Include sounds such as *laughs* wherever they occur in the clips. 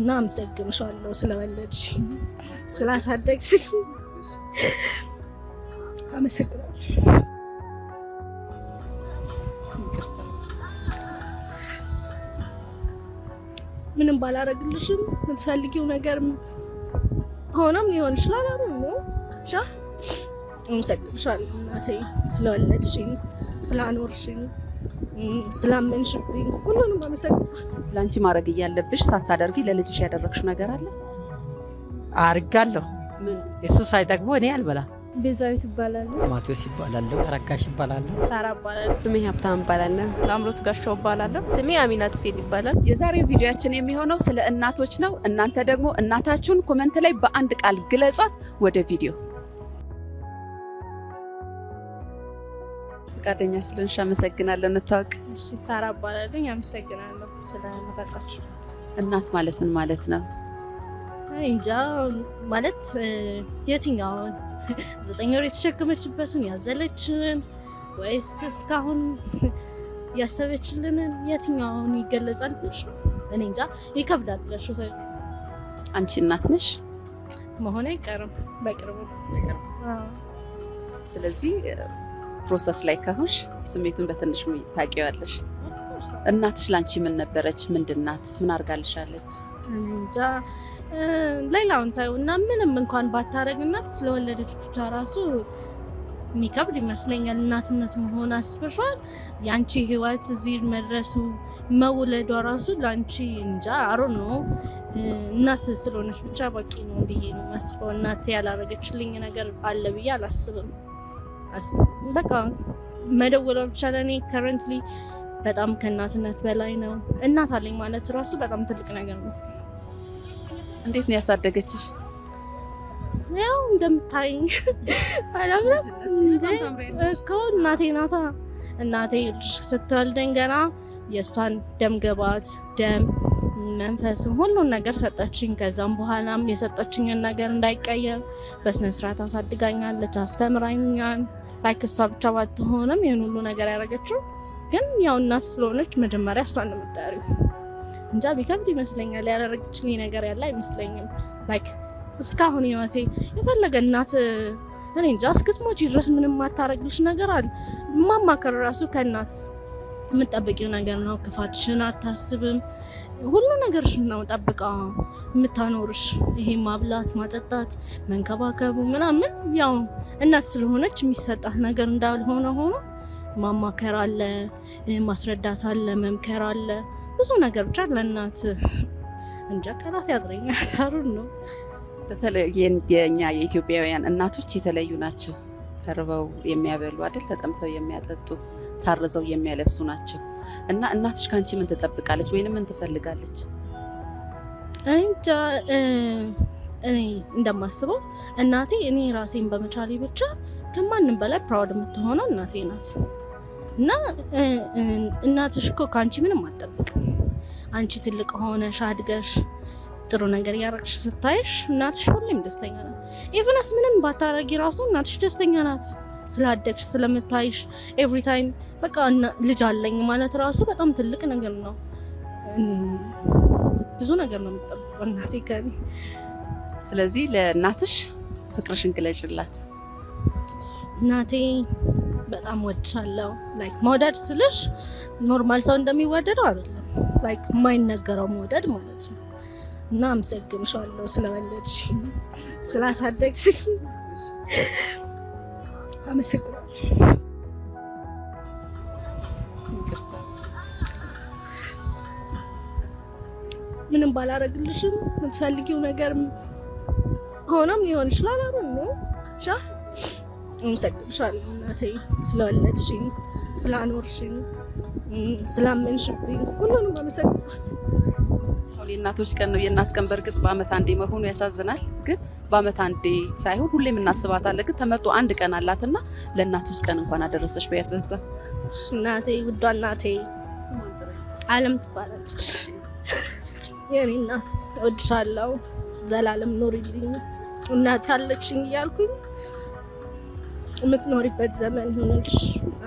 እና አመሰግንሻለሁ ስለወለድሽ ስላሳደግሽ አመሰግናለሁ። ምንም ባላረግልሽም የምትፈልጊው ነገር ሆኖም ሊሆን ይችላል። አሁ ብቻ አመሰግንሻለሁ እናቴ ስለወለድሽኝ ስላኖርሽኝ ስላመንሽብኝ ሁሉንም አመሰግናለሁ። ለአንቺ ማድረግ እያለብሽ ሳታደርጊ ለልጅሽ ያደረግሽው ነገር አለ? አርጋለሁ። እሱ ሳይጠግቦ እኔ አልበላ። ቤዛዊት እባላለሁ። ማቴዎስ ይባላለሁ። አረጋሽ ይባላለሁ። ታራ እባላለሁ። ስሜ ሀብታም እባላለሁ። ለአምሮት ጋሻው እባላለሁ። ስሜ አሚናት ሁሴን ይባላል። የዛሬው ቪዲዮያችን የሚሆነው ስለ እናቶች ነው። እናንተ ደግሞ እናታችሁን ኮመንት ላይ በአንድ ቃል ግለጿት። ወደ ቪዲዮ ፈቃደኛ ስለሆንሽ አመሰግናለሁ። እንታወቅ። እሺ፣ ሳራ እባላለሁ። አመሰግናለሁ ስለመረጣችሁ። እናት ማለት ምን ማለት ነው? እንጃ ማለት የትኛውን ዘጠኝ ወር የተሸከመችበትን ያዘለችን ወይስ እስካሁን ያሰበችልንን የትኛውን ይገለጻል ብለሽ ነው? እኔ እንጃ ይከብዳል ብለሽ አንቺ እናት ነሽ መሆን አይቀርም በቅርቡ። ስለዚህ ፕሮሰስ ላይ ከሆንሽ ስሜቱን በትንሽ ታውቂዋለሽ። እናትሽ ላንቺ ምን ነበረች? ምንድን ናት? ምን አርጋልሻለች? እንጃ ሌላውን ታዩ እና ምንም እንኳን ባታረግ እናት ስለወለደች ብቻ ራሱ የሚከብድ ይመስለኛል። እናትነት መሆን አስበሻል? የአንቺ ህይወት እዚህ መድረሱ መውለዷ ራሱ ለአንቺ እንጃ አሮ ነው። እናት ስለሆነች ብቻ በቂ ነው ብዬ ነው የማስበው። እናት ያላረገችልኝ ነገር አለ ብዬ አላስብም። በቃ መደወል ብቻ እኔ ከረንትሊ በጣም ከእናትነት በላይ ነው። እናት አለኝ ማለት ራሱ በጣም ትልቅ ነገር ነው። እንዴት ነው ያሳደገችሽ? ያው እንደምታይኝ *laughs* እኮ እናቴ ናታ። እናቴ ልጅ ስትወልደኝ ገና የእሷን ደም ግባት ደም መንፈስም ሁሉን ነገር ሰጠችኝ። ከዛም በኋላም የሰጠችኝን ነገር እንዳይቀየር በስነስርዓት አሳድጋኛለች፣ አስተምራኛል። ላይክ እሷ ብቻ ባትሆንም ይህን ሁሉ ነገር ያደረገችው ግን ያው እናት ስለሆነች መጀመሪያ እሷን የምጠሪው እንጃ ቢከብድ ይመስለኛል። ያደረገችልኝ ነገር ያለ አይመስለኝም። ላይክ እስካሁን ህይወቴ የፈለገ እናት እኔ እንጃ እስክትሞች ድረስ ምንም ማታረግልሽ ነገር አለ። ማማከር ራሱ ከእናት የምጠበቂው ነገር ነው። ክፋትሽን አታስብም። ሁሉ ነገርሽን ነው ጠብቃ የምታኖርሽ። ይሄ ማብላት፣ ማጠጣት፣ መንከባከቡ ምናምን ያው እናት ስለሆነች የሚሰጣት ነገር እንዳልሆነ ሆኖ ማማከር አለ፣ ማስረዳት አለ፣ መምከር አለ፣ ብዙ ነገር ብቻ ለእናት እንጃ ከላት ያጥረኛል። አሩን ነው በተለይ የእኛ የኢትዮጵያውያን እናቶች የተለዩ ናቸው። ተርበው የሚያበሉ አይደል፣ ተጠምተው የሚያጠጡ ታርዘው የሚያለብሱ ናቸው። እና እናትሽ ከአንቺ ምን ትጠብቃለች ወይንም ምን ትፈልጋለች? እንጃ እኔ እንደማስበው እናቴ እኔ ራሴን በመቻሌ ብቻ ከማንም በላይ ፕራውድ የምትሆነው እናቴ ናት። እና እናትሽ እኮ ከአንቺ ምንም አትጠብቅም። አንቺ ትልቅ ሆነሽ አድገሽ ጥሩ ነገር እያረቅሽ ስታይሽ እናትሽ ሁሌም ደስተኛ ናት። ኢቨንስ ምንም ባታረጊ ራሱ እናትሽ ደስተኛ ናት ስላደግሽ ስለምታይሽ ኤቭሪ ታይም በቃ ልጅ አለኝ ማለት ራሱ በጣም ትልቅ ነገር ነው። ብዙ ነገር ነው የምጠብቀው እናቴ ከእኔ። ስለዚህ ለእናትሽ ፍቅርሽን ግለጭላት። እናቴ በጣም ወድሻለሁ። ላይክ መውደድ ስልሽ ኖርማል ሰው እንደሚወደደው አይደለም፣ ላይክ የማይነገረው መውደድ ማለት ነው። እና አመሰግንሻለሁ ስለወለድሽኝ፣ ስላሳደግሽ አመሰግናለሁ። ምንም ባላረግልሽም የምትፈልጊው ነገር ሆኖም ሊሆን ይችላል አሉ ብቻ አመሰግንሻለሁ እናቴ ስለወለድሽኝ፣ ስላኖርሽኝ፣ ስላመንሽብኝ ሁሉንም አመሰግናለሁ። የእናቶች ቀን ነው። የእናት ቀን በእርግጥ በአመት አንዴ መሆኑ ያሳዝናል፣ ግን በአመት አንዴ ሳይሆን ሁሌም እናስባታለን። ግን ተመርጦ አንድ ቀን አላትና ለእናቶች ቀን እንኳን አደረሰች በያት በዛ እናቴ፣ ውዷ እናቴ አለም ትባላለች። የኔ እናት እወድሻለሁ፣ ዘላለም ኖሪልኝ እናቴ አለችኝ እያልኩኝ የምትኖሪበት ዘመን ይሁንልሽ።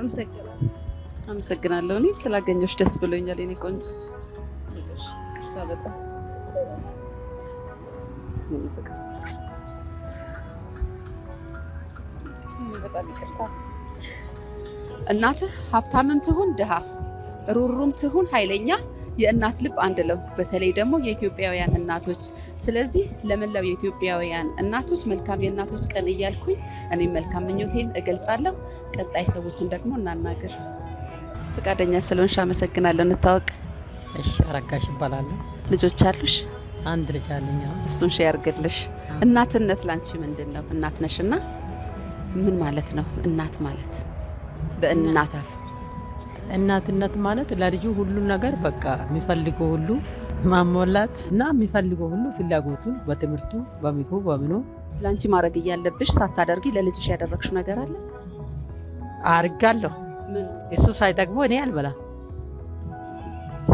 አመሰግናለሁ። አመሰግናለሁ። እኔም ስላገኘሁሽ ደስ ብሎኛል የኔ ቆንጆ። በጣም እናትህ ሀብታምም ትሁን ድሃ፣ ሩሩም ትሁን ኃይለኛ፣ የእናት ልብ አንድ ነው፣ በተለይ ደግሞ የኢትዮጵያውያን እናቶች። ስለዚህ ለመላው የኢትዮጵያውያን እናቶች መልካም የእናቶች ቀን እያልኩኝ እኔም መልካም ምኞቴን እገልጻለሁ። ቀጣይ ሰዎችን ደግሞ እናናግር። ፈቃደኛ ስለሆንሽ አመሰግናለሁ። እንታወቅ። እሺ፣ አረጋሽ እባላለሁ። ልጆች አሉሽ? አንድ ልጅ አለኝ። እሱን ሼር አድርግልሽ። እናትነት ላንቺ ምንድን ነው? እናት ነሽና ምን ማለት ነው እናት ማለት? በእናት አፍ እናትነት ማለት ለልጁ ሁሉ ነገር በቃ የሚፈልገው ሁሉ ማሞላት እና የሚፈልገው ሁሉ ፍላጎቱ፣ በትምህርቱ፣ በምግቡ፣ በምኑ። ለአንቺ ማድረግ እያለብሽ ሳታደርጊ ለልጅሽ ያደረግሽው ነገር አለ? አርጋለሁ። እሱ ሳይጠግቦ እኔ አልበላ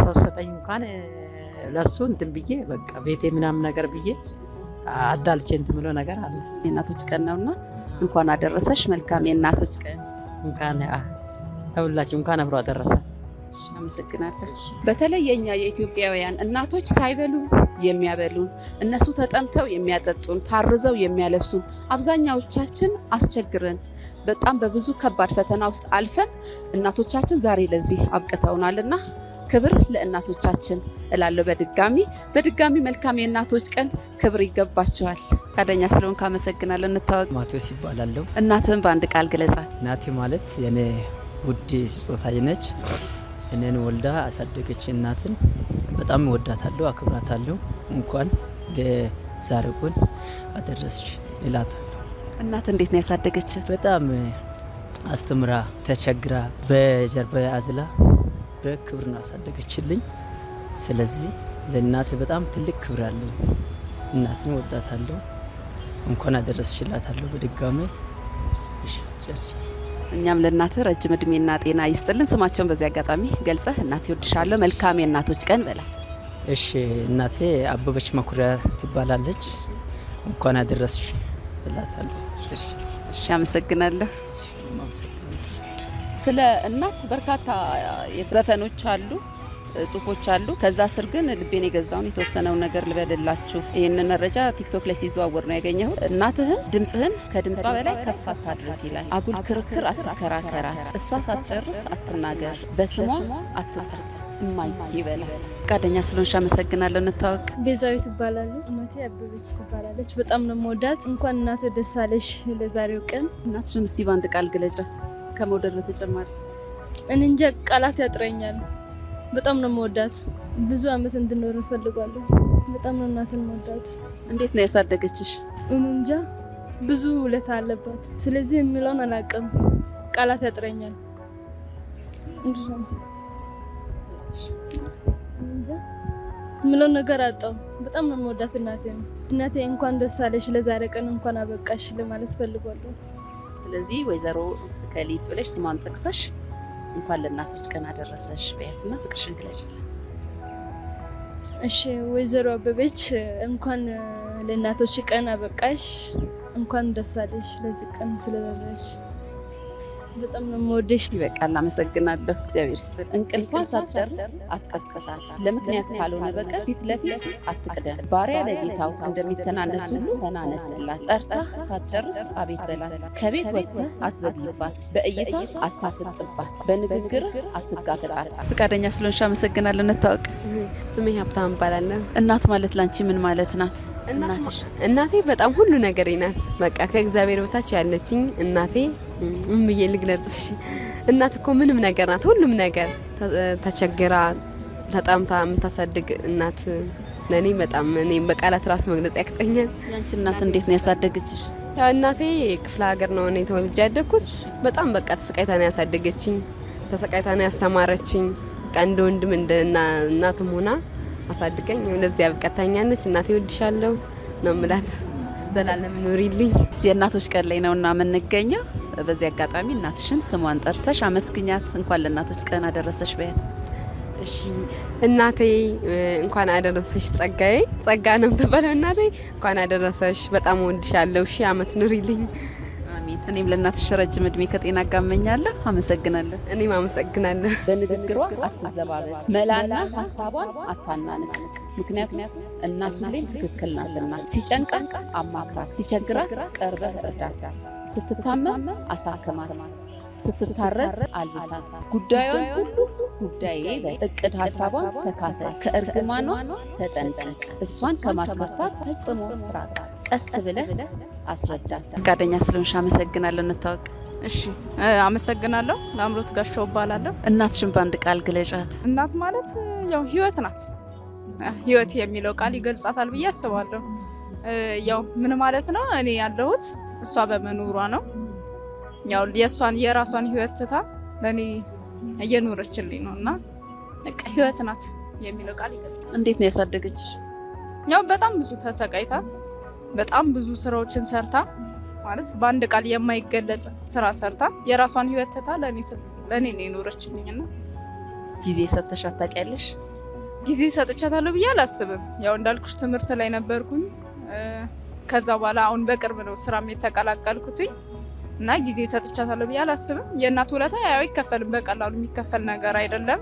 ሰው ሰጠኝ እንኳን ለሱ እንትን ብዬ በቃ ቤቴ ምናምን ነገር ብዬ አዳልቼ እንትን ብሎ ነገር አለ። የእናቶች ቀን ነውና እንኳን አደረሰሽ። መልካም የእናቶች ቀን እንኳን ለሁላችሁ እንኳን አብሮ አደረሰ። አመሰግናለሁ። በተለይ የእኛ የኢትዮጵያውያን እናቶች ሳይበሉ የሚያበሉን እነሱ ተጠምተው የሚያጠጡን ታርዘው የሚያለብሱን አብዛኛዎቻችን አስቸግረን በጣም በብዙ ከባድ ፈተና ውስጥ አልፈን እናቶቻችን ዛሬ ለዚህ አብቅተውናልና ክብር ለእናቶቻችን እላለሁ። በድጋሚ በድጋሚ መልካም የእናቶች ቀን ክብር ይገባቸዋል። ፈቃደኛ ስለሆንክ አመሰግናለሁ። እንታወቅ። ማቴዎስ ይባላለሁ። እናትህን በአንድ ቃል ግለጻት። እናቴ ማለት የኔ ውድ ስጦታዬ ነች። እኔን ወልዳ አሳደገች። እናትን በጣም እወዳታለሁ፣ አክብራታለሁ። እንኳን ለዛሬው ቀን አደረሰች እላታለሁ። እናት እንዴት ነው ያሳደገች? በጣም አስተምራ፣ ተቸግራ፣ በጀርባ አዝላ በክብር ነው ያሳደገችልኝ። ስለዚህ ለእናቴ በጣም ትልቅ ክብር አለኝ። እናትን ወዳታለሁ። እንኳን አደረስሽላታለሁ በድጋሚ እኛም ለእናት ረጅም እድሜና ጤና ይስጥልን። ስማቸውን በዚህ አጋጣሚ ገልጸህ እናቴ ወድሻለሁ፣ መልካም የእናቶች ቀን በላት። እሺ እናቴ አበበች መኩሪያ ትባላለች። እንኳን አደረስሽ ብላታለሁ። እሺ አመሰግናለሁ። ስለ እናት በርካታ ዘፈኖች አሉ፣ ጽሁፎች አሉ። ከዛ ስር ግን ልቤን የገዛውን የተወሰነውን ነገር ልበልላችሁ። ይህንን መረጃ ቲክቶክ ላይ ሲዘዋወር ነው ያገኘሁት። እናትህን ድምፅህን ከድምጿ በላይ ከፍ አታድርግ ይላል። አጉል ክርክር አትከራከራት፣ እሷ ሳትጨርስ አትናገር፣ በስሟ አትጥራት እማይ ይበላት። ፈቃደኛ ስለሆንሽ አመሰግናለሁ። እንታወቅ። ቤዛዊት ትባላለች። እናቴ አበበች ትባላለች። በጣም ነው መወዳት። እንኳን እናት ደሳለሽ ለዛሬው ቀን። እናትሽን እስቲ በአንድ ቃል ግለጫት። ከመውደድ በተጨማሪ እኔ እንጃ ቃላት ያጥረኛል። በጣም ነው መወዳት። ብዙ አመት እንድኖር እንፈልጋለሁ። በጣም ነው እናትን መወዳት። እንዴት ነው ያሳደገችሽ? እኔ እንጃ ብዙ ውለታ አለባት። ስለዚህ የሚለውን አላውቅም፣ ቃላት ያጥረኛል። ምለው ነገር አጣው። በጣም ነው መወዳት እናቴ ነው። እናቴ እንኳን ደስ አለሽ፣ ለዛሬ ቀን እንኳን አበቃሽ ለማለት ፈልጓለሁ። ስለዚህ ወይዘሮ ከሊት ብለሽ ስሟን ጠቅሰሽ እንኳን ለእናቶች ቀን አደረሰሽ በያትና ፍቅርሽን ግለጭልን። እሺ ወይዘሮ አበበች እንኳን ለእናቶች ቀን አበቃሽ፣ እንኳን ደስ አለሽ ለዚህ ቀን ስለደረሽ በጣም ነው የምወደሽ። ይበቃል፣ አመሰግናለሁ። እግዚአብሔር ይስጥል። እንቅልፏ ሳትጨርስ አትቀስቅሳት፣ ለምክንያት ካልሆነ በቀር ፊት ለፊት አትቅደም። ባሪያ ለጌታው እንደሚተናነስ ሁሉ ተናነስላት። ጠርታህ ሳትጨርስ አቤት በላት። ከቤት ወጥተህ አትዘግይባት፣ በእይታ አታፍጥባት፣ በንግግርህ አትጋፈጣት። ፈቃደኛ ስለሆንሽ አመሰግናለሁ። እንታወቅ። ስሜ ሀብታም እባላለሁ። እናት ማለት ላንቺ ምን ማለት ናት? እናቴ በጣም ሁሉ ነገሬ ናት። በቃ ከእግዚአብሔር በታች ያለችኝ እናቴ ምን ልግለጽሽ? እናት እኮ ምንም ነገር ናት፣ ሁሉም ነገር ተቸግራ ተጠምታ የምታሳድግ እናት ለእኔ በጣም እኔ በቃላት ራሱ መግለጽ ያቅጠኛል። ያንቺ እናት እንዴት ነው ያሳደገችሽ? ያው እናቴ ክፍለ ሀገር ነው እኔ ተወልጄ ያደግኩት። በጣም በቃ ተሰቃይታ ነው ያሳደገችኝ፣ ተሰቃይታ ነው ያስተማረችኝ። በቃ እንደ ወንድም እንደ እናትም ሆና አሳድገኝ እንደዚህ ያብቃታኛለች። እናቴ ወድሻለሁ ነው ምላት። ዘላለም ኑሪልኝ። የእናቶች ቀን ላይ ነው እና የምንገኘው በዚህ አጋጣሚ እናትሽን ስሟን ጠርተሽ አመስግኛት። እንኳን ለእናቶች ቀን አደረሰሽ በያት። እሺ እናቴ እንኳን አደረሰሽ። ጸጋዬ ጸጋ ነው የምትባለው እናቴ። እንኳን አደረሰሽ። በጣም ወድሻለሁ። ሺህ አመት ኑሪልኝ። እኔም ለእናትሽ ረጅም እድሜ ከጤና ጋር አመሰግናለሁ። እኔም አመሰግናለሁ። በንግግሯ አትዘባበት፣ መላና ሀሳቧን አታናንቅ። ምክንያቱም እናት ሁሌም ትክክል ናትና። ሲጨንቃት አማክራት፣ ሲቸግራት ቀርበህ እርዳት፣ ስትታመም አሳክማት፣ ስትታረስ አልብሳት፣ ጉዳዩን ሁሉ ጉዳዬ በል፣ እቅድ ሀሳቧን ተካፈል፣ ከእርግማኗ ተጠንቀቅ፣ እሷን ከማስከፋት ፈጽሞ ራቅ። ቀስ ብለህ አስረዳት። ፈቃደኛ ስለሆንሽ አመሰግናለሁ። እንታወቅ። እሺ፣ አመሰግናለሁ። ለአምሮት ጋሻው እባላለሁ። እናትሽን በአንድ ቃል ግለጫት። እናት ማለት ያው ህይወት ናት። ህይወት የሚለው ቃል ይገልጻታል ብዬ አስባለሁ። ያው ምን ማለት ነው? እኔ ያለሁት እሷ በመኖሯ ነው። ያው የእሷን የራሷን ህይወት ትታ ለእኔ እየኖረችልኝ ነው እና በቃ ህይወት ናት የሚለው ቃል ይገልጻል። እንዴት ነው ያሳደገችሽ? ያው በጣም ብዙ ተሰቃይታ በጣም ብዙ ስራዎችን ሰርታ ማለት በአንድ ቃል የማይገለጽ ስራ ሰርታ የራሷን ህይወት ትታ ለእኔ ነው የኖረችልኝ። የኖረችልኝና ጊዜ ሰጥተሻት ታውቂያለሽ? ጊዜ ሰጥቻታለሁ ብዬ አላስብም። ያው እንዳልኩሽ ትምህርት ላይ ነበርኩኝ። ከዛ በኋላ አሁን በቅርብ ነው ስራም የተቀላቀልኩትኝ እና ጊዜ ሰጥቻታለሁ ብዬ አላስብም። የእናት ውለታ ያው ይከፈልም፣ በቀላሉ የሚከፈል ነገር አይደለም።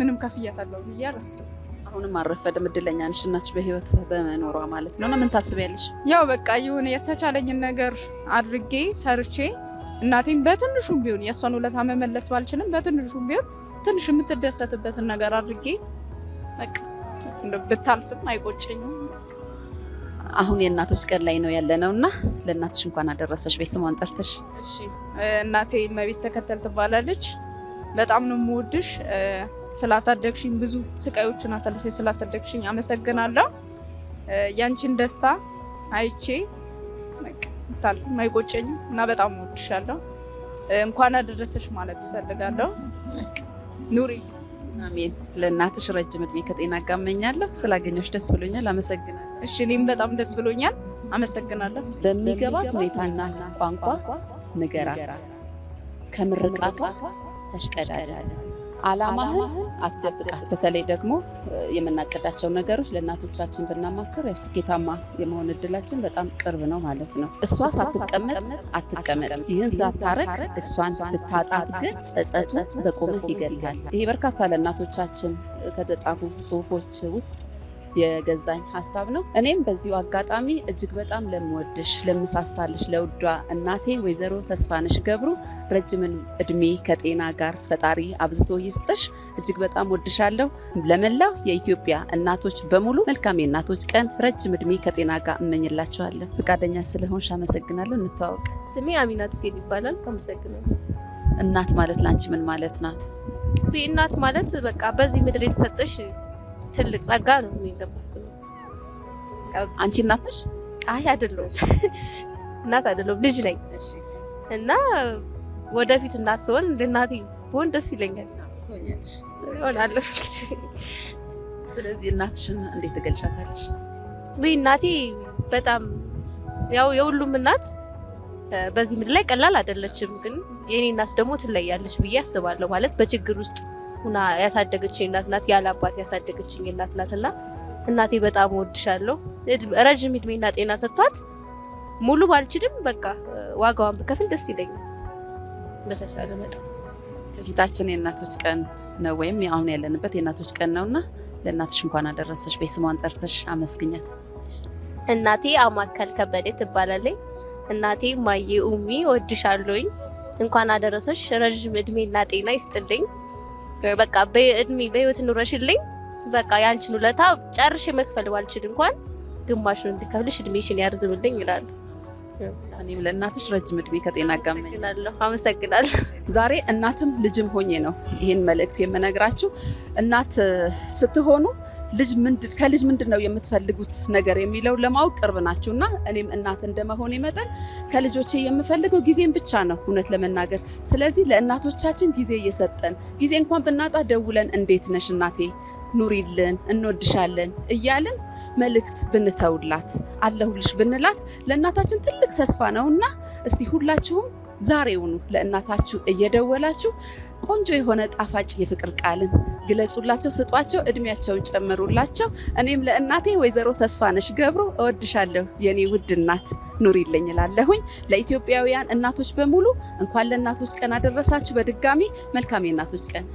ምንም ከፍያታለሁ ብዬ አላስብም። አሁንም አረፈድም። እድለኛ ነሽ እናትሽ በህይወት በመኖሯ ማለት ነው። እና ምን ታስቢያለሽ? ያው በቃ ይሁን የተቻለኝን ነገር አድርጌ ሰርቼ እናቴን በትንሹም ቢሆን የእሷን ውለታ መመለስ ባልችልም በትንሹም ቢሆን ትንሽ የምትደሰትበትን ነገር አድርጌ በቃ ብታልፍም አይቆጨኝም። አሁን የእናቶች ቀን ላይ ነው ያለነው እና ለእናትሽ እንኳን አደረሰሽ ቤት ጠርተሽ። እሺ እናቴ መቤት ተከተል ትባላለች። በጣም ነው የምወድሽ ስላሳደግሽኝ ብዙ ስቃዮችን አሳልፈ ስላሳደግሽኝ አመሰግናለሁ። ያንቺን ደስታ አይቼ ታል አይቆጨኝም እና በጣም ወድሻለሁ። እንኳን አደረሰሽ ማለት እፈልጋለሁ። ኑሪ። አሜን። ለእናትሽ ረጅም እድሜ ከጤና ጋር ስላገኘሽ ደስ ብሎኛል። አመሰግናለሁ። እሺ፣ እኔም በጣም ደስ ብሎኛል። አመሰግናለሁ። በሚገባት ሁኔታና ቋንቋ ንገራት፣ ከምርቃቷ ተሽቀዳዳል አላማህን አትደብቃት። በተለይ ደግሞ የምናቀዳቸው ነገሮች ለእናቶቻችን ብናማክር ስኬታማ የመሆን እድላችን በጣም ቅርብ ነው ማለት ነው። እሷ ሳትቀመጥ አትቀመጥ። ይህን ሳታረግ እሷን ብታጣት ግን ጸጸቱ በቁምህ ይገልሃል። ይሄ በርካታ ለእናቶቻችን ከተጻፉ ጽሁፎች ውስጥ የገዛኝ ሀሳብ ነው። እኔም በዚሁ አጋጣሚ እጅግ በጣም ለምወድሽ፣ ለምሳሳልሽ ለውዷ እናቴ ወይዘሮ ተስፋነሽ ገብሩ ረጅምን እድሜ ከጤና ጋር ፈጣሪ አብዝቶ ይስጥሽ። እጅግ በጣም ወድሻለሁ። ለመላው የኢትዮጵያ እናቶች በሙሉ መልካም የእናቶች ቀን፣ ረጅም እድሜ ከጤና ጋር እመኝላቸዋለሁ። ፈቃደኛ ስለሆንሽ አመሰግናለሁ። እንተዋወቅ። ስሜ አሚናት ሁሴን ይባላል። አመሰግናለሁ። እናት ማለት ላንቺ ምን ማለት ናት? እናት ማለት በቃ በዚህ ምድር የተሰጠሽ ትልቅ ጸጋ ነው። እኔ እንደማስበው አንቺ እናት ነሽ? አይ አይደለሁም፣ *laughs* እናት አይደለሁም፣ ልጅ ነኝ። እና ወደፊት እናት ስሆን እንደ እናቴ ብሆን ደስ ይለኛል፣ እሆናለሁ። ስለዚህ እናትሽን እንዴት ትገልጫታለሽ? ውይ እናቴ በጣም ያው የሁሉም እናት በዚህ ምድር ላይ ቀላል አይደለችም። ግን የእኔ እናት ደግሞ ትለያለች ብዬ አስባለሁ ማለት በችግር ውስጥ ሁና ያሳደገችኝ እናት ናት። ያለ አባት ያሳደገችኝ እናት ናት እና እናቴ በጣም ወድሻለሁ። ረዥም እድሜና ጤና ሰጥቷት ሙሉ ባልችልም በቃ ዋጋዋን ብከፍል ደስ ይለኛል። በተቻለ መጠን ከፊታችን የእናቶች ቀን ነው ወይም አሁን ያለንበት የእናቶች ቀን ነውና ለእናትሽ እንኳን አደረሰሽ። በስሟን ጠርተሽ አመስግኛት። እናቴ አማካል ከበደ ትባላለች። እናቴ ማዬ ኡሚ ወድሻለኝ፣ እንኳን አደረሰሽ። ረዥም እድሜና ጤና ይስጥልኝ። በቃ በእድሜ በህይወት ኑረሽልኝ በቃ የአንችን ውለታ ጨርሼ መክፈል ባልችል እንኳን ግማሽን እንድከፍልሽ እድሜሽን ያርዝምልኝ ይላሉ። እኔም ለእናትሽ ረጅም እድሜ ከጤና ጋር አመሰግናለሁ። ዛሬ እናትም ልጅም ሆኜ ነው ይህን መልእክት የምነግራችሁ። እናት ስትሆኑ ከልጅ ምንድን ነው የምትፈልጉት ነገር የሚለው ለማወቅ ቅርብ ናችሁ እና እኔም እናት እንደመሆኔ መጠን ከልጆቼ የምፈልገው ጊዜን ብቻ ነው እውነት ለመናገር። ስለዚህ ለእናቶቻችን ጊዜ እየሰጠን ጊዜ እንኳን ብናጣ ደውለን እንዴት ነሽ እናቴ ኑሪልን፣ እንወድሻለን እያልን መልእክት ብንተውላት አለሁልሽ ብንላት ለእናታችን ትልቅ ተስፋ ነውና እስቲ ሁላችሁም ዛሬውኑ ለእናታችሁ እየደወላችሁ ቆንጆ የሆነ ጣፋጭ የፍቅር ቃልን ግለጹላቸው፣ ስጧቸው፣ እድሜያቸውን ጨምሩላቸው። እኔም ለእናቴ ወይዘሮ ተስፋነሽ ገብሩ እወድሻለሁ የኔ ውድ እናት ኑሪልኝ እላለሁኝ። ለኢትዮጵያውያን እናቶች በሙሉ እንኳን ለእናቶች ቀን አደረሳችሁ። በድጋሚ መልካም የእናቶች ቀን